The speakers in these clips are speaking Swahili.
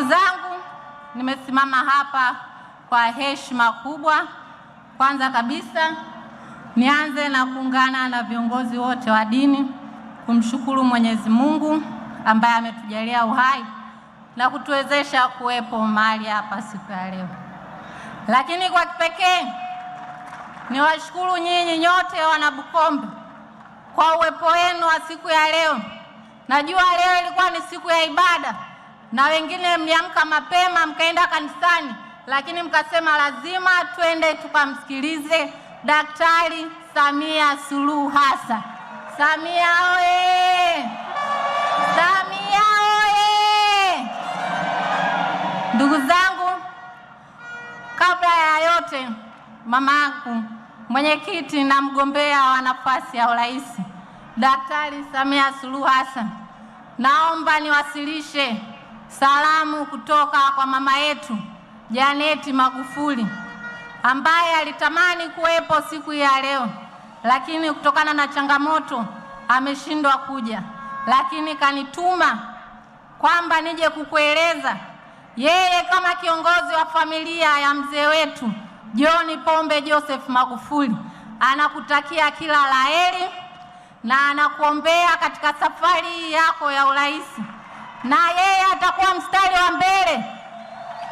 Ndugu zangu, nimesimama hapa kwa heshima kubwa. Kwanza kabisa, nianze na kuungana na viongozi wote wa dini kumshukuru Mwenyezi Mungu ambaye ametujalia uhai na kutuwezesha kuwepo mahali hapa siku ya leo. Lakini kwa kipekee niwashukuru nyinyi nyote Bukombe kwa uwepo wenu wa siku ya leo. Najua leo ilikuwa ni siku ya ibada na wengine mliamka mapema mkaenda kanisani, lakini mkasema lazima twende tukamsikilize Daktari Samia Suluhu Hassan. Samia oye! Samia oye! Ndugu zangu, kabla ya yote, mama yangu mwenyekiti na mgombea wa nafasi ya urais Daktari Samia Suluhu Hassan, naomba niwasilishe Salamu kutoka kwa mama yetu Janeti Magufuli ambaye alitamani kuwepo siku ya leo, lakini kutokana na changamoto ameshindwa kuja, lakini kanituma kwamba nije kukueleza yeye kama kiongozi wa familia ya mzee wetu John Pombe Joseph Magufuli anakutakia kila laheri na anakuombea katika safari yako ya urais na yeye atakuwa mstari wa mbele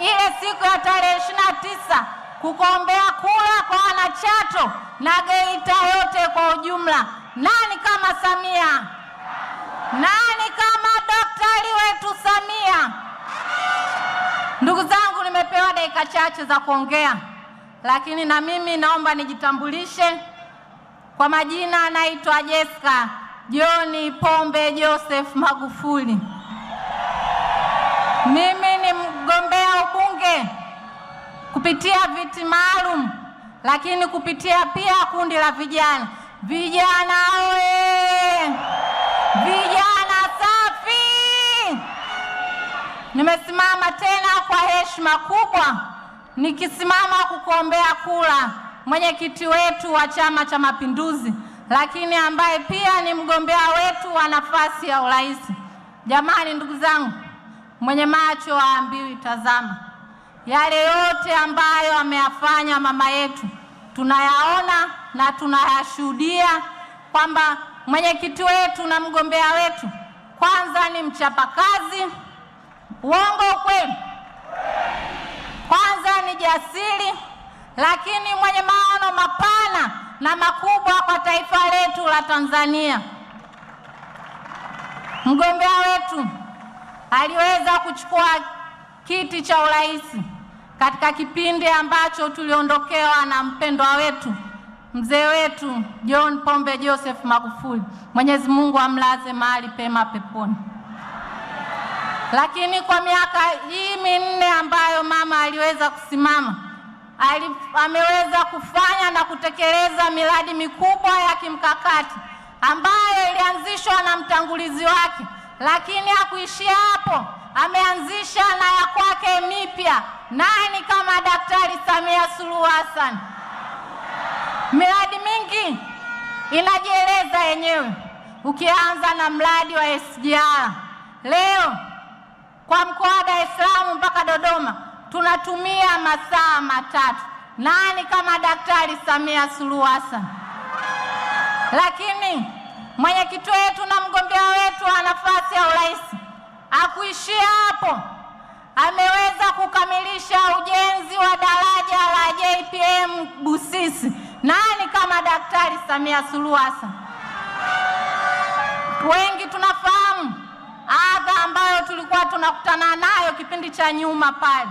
ile siku ya tarehe ishirini na tisa kukombea kura kwa Wanachato na Geita yote kwa ujumla. Nani kama Samia? Nani kama daktari wetu Samia? Ndugu zangu, nimepewa dakika chache za kuongea, lakini na mimi naomba nijitambulishe kwa majina. Anaitwa Jessica joni Pombe Joseph Magufuli. Mimi ni mgombea ubunge kupitia viti maalum, lakini kupitia pia kundi la vijana. Vijana oye! Vijana safi! Nimesimama tena kwa heshima kubwa nikisimama kukuombea kura mwenyekiti wetu wa Chama cha Mapinduzi, lakini ambaye pia ni mgombea wetu wa nafasi ya urais. Jamani, ndugu zangu Mwenye macho aambiwi tazama. Yale yote ambayo ameyafanya mama yetu tunayaona na tunayashuhudia, kwamba mwenyekiti wetu na mgombea wetu kwanza ni mchapakazi, uongo ukweli, kwanza ni jasiri, lakini mwenye maono mapana na makubwa kwa taifa letu la Tanzania. Mgombea wetu aliweza kuchukua kiti cha urais katika kipindi ambacho tuliondokewa na mpendwa wetu mzee wetu John Pombe Joseph Magufuli. Mwenyezi Mungu amlaze mahali pema peponi. Lakini kwa miaka hii minne ambayo mama aliweza kusimama ali, ameweza kufanya na kutekeleza miradi mikubwa ya kimkakati ambayo ilianzishwa na mtangulizi wake lakini hakuishia hapo, ameanzisha na ya kwake mipya. Nani kama Daktari Samia Suluhu Hassan? Miradi mingi inajieleza yenyewe, ukianza na mradi wa SGR leo kwa mkoa wa Dar es Salaam mpaka Dodoma tunatumia masaa matatu. Nani kama Daktari Samia Suluhu Hassan? Lakini Mwenyekiti wetu na mgombea wetu wa nafasi ya urais akuishia hapo, ameweza kukamilisha ujenzi wa daraja la JPM Busisi. Nani kama Daktari Samia Suluhu Hassan? Wengi tunafahamu adha ambayo tulikuwa tunakutana nayo kipindi cha nyuma pale,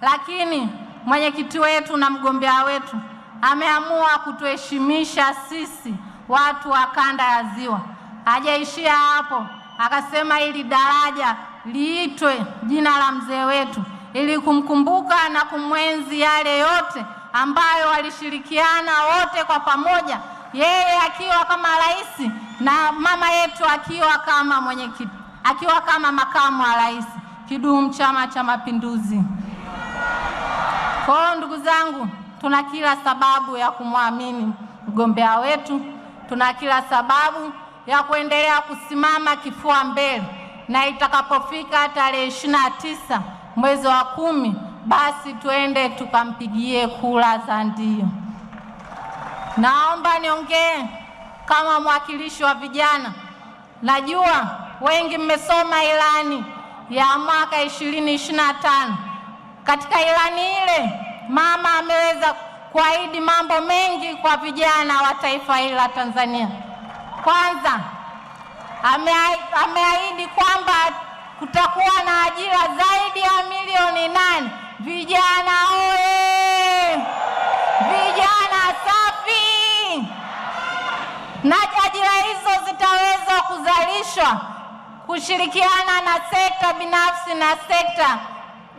lakini mwenyekiti wetu na mgombea wetu ameamua kutuheshimisha sisi watu wa kanda ya Ziwa. Hajaishia hapo, akasema ili daraja liitwe jina la mzee wetu ili kumkumbuka na kumwenzi yale yote ambayo walishirikiana wote kwa pamoja, yeye akiwa kama rais na mama yetu akiwa kama mwenyekiti, akiwa kama makamu wa rais. Kidumu Chama cha Mapinduzi! Kwa ndugu zangu, tuna kila sababu ya kumwamini mgombea wetu tuna kila sababu ya kuendelea kusimama kifua mbele, na itakapofika tarehe ishirini na tisa mwezi wa kumi, basi tuende tukampigie kura za ndio. Naomba niongee kama mwakilishi wa vijana. Najua wengi mmesoma ilani ya mwaka ishirini tano. Katika ilani ile mama ameweza kuahidi mambo mengi kwa vijana wa taifa hili la Tanzania. Kwanza ameahidi kwamba kutakuwa na ajira zaidi ya milioni nane. Vijana oye! Vijana safi! Na ajira hizo zitaweza kuzalishwa kushirikiana na sekta binafsi na sekta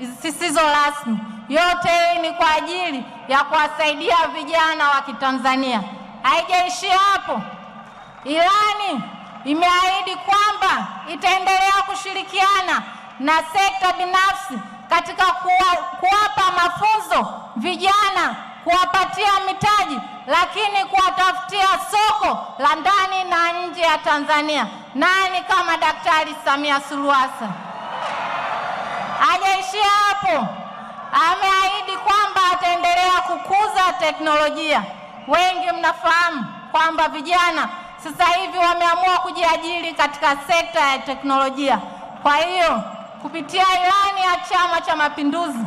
zisizo rasmi. Yote hii ni kwa ajili ya kuwasaidia vijana wa Kitanzania. Haijaishia hapo. Ilani imeahidi kwamba itaendelea kushirikiana na sekta binafsi katika kuwapa mafunzo vijana, kuwapatia mitaji, lakini kuwatafutia soko la ndani na nje ya Tanzania. Nani kama Daktari Samia Suluhu Hassan? Hajaishia hapo, ameahidi kwamba ataendelea kukuza teknolojia. Wengi mnafahamu kwamba vijana sasa hivi wameamua kujiajiri katika sekta ya teknolojia. Kwa hiyo kupitia ilani ya Chama cha Mapinduzi,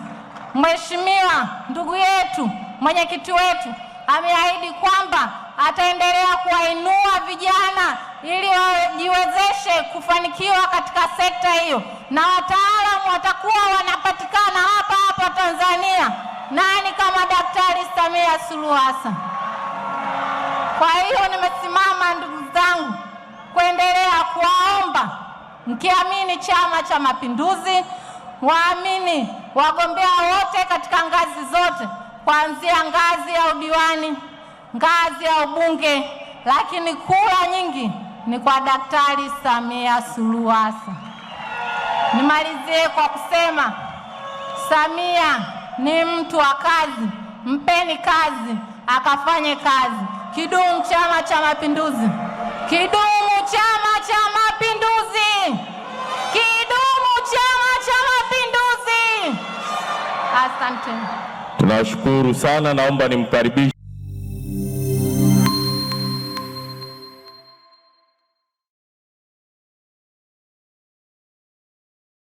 Mheshimiwa ndugu yetu mwenyekiti wetu ameahidi kwamba ataendelea kuwainua vijana ili wajiwezeshe kufanikiwa katika sekta hiyo na wata Samia Suluhu Hassan. Kwa hiyo nimesimama, ndugu zangu, kuendelea kuwaomba mkiamini Chama cha Mapinduzi, waamini wagombea wote katika ngazi zote, kuanzia ngazi ya udiwani, ngazi ya ubunge, lakini kura nyingi ni kwa Daktari Samia Suluhu Hassan. Nimalizie kwa kusema Samia ni mtu wa kazi mpeni kazi akafanye kazi. Kidumu Chama cha Mapinduzi! Kidumu Chama cha Mapinduzi! Kidumu Chama cha Mapinduzi! Asante, tunashukuru sana. Naomba nimkaribishe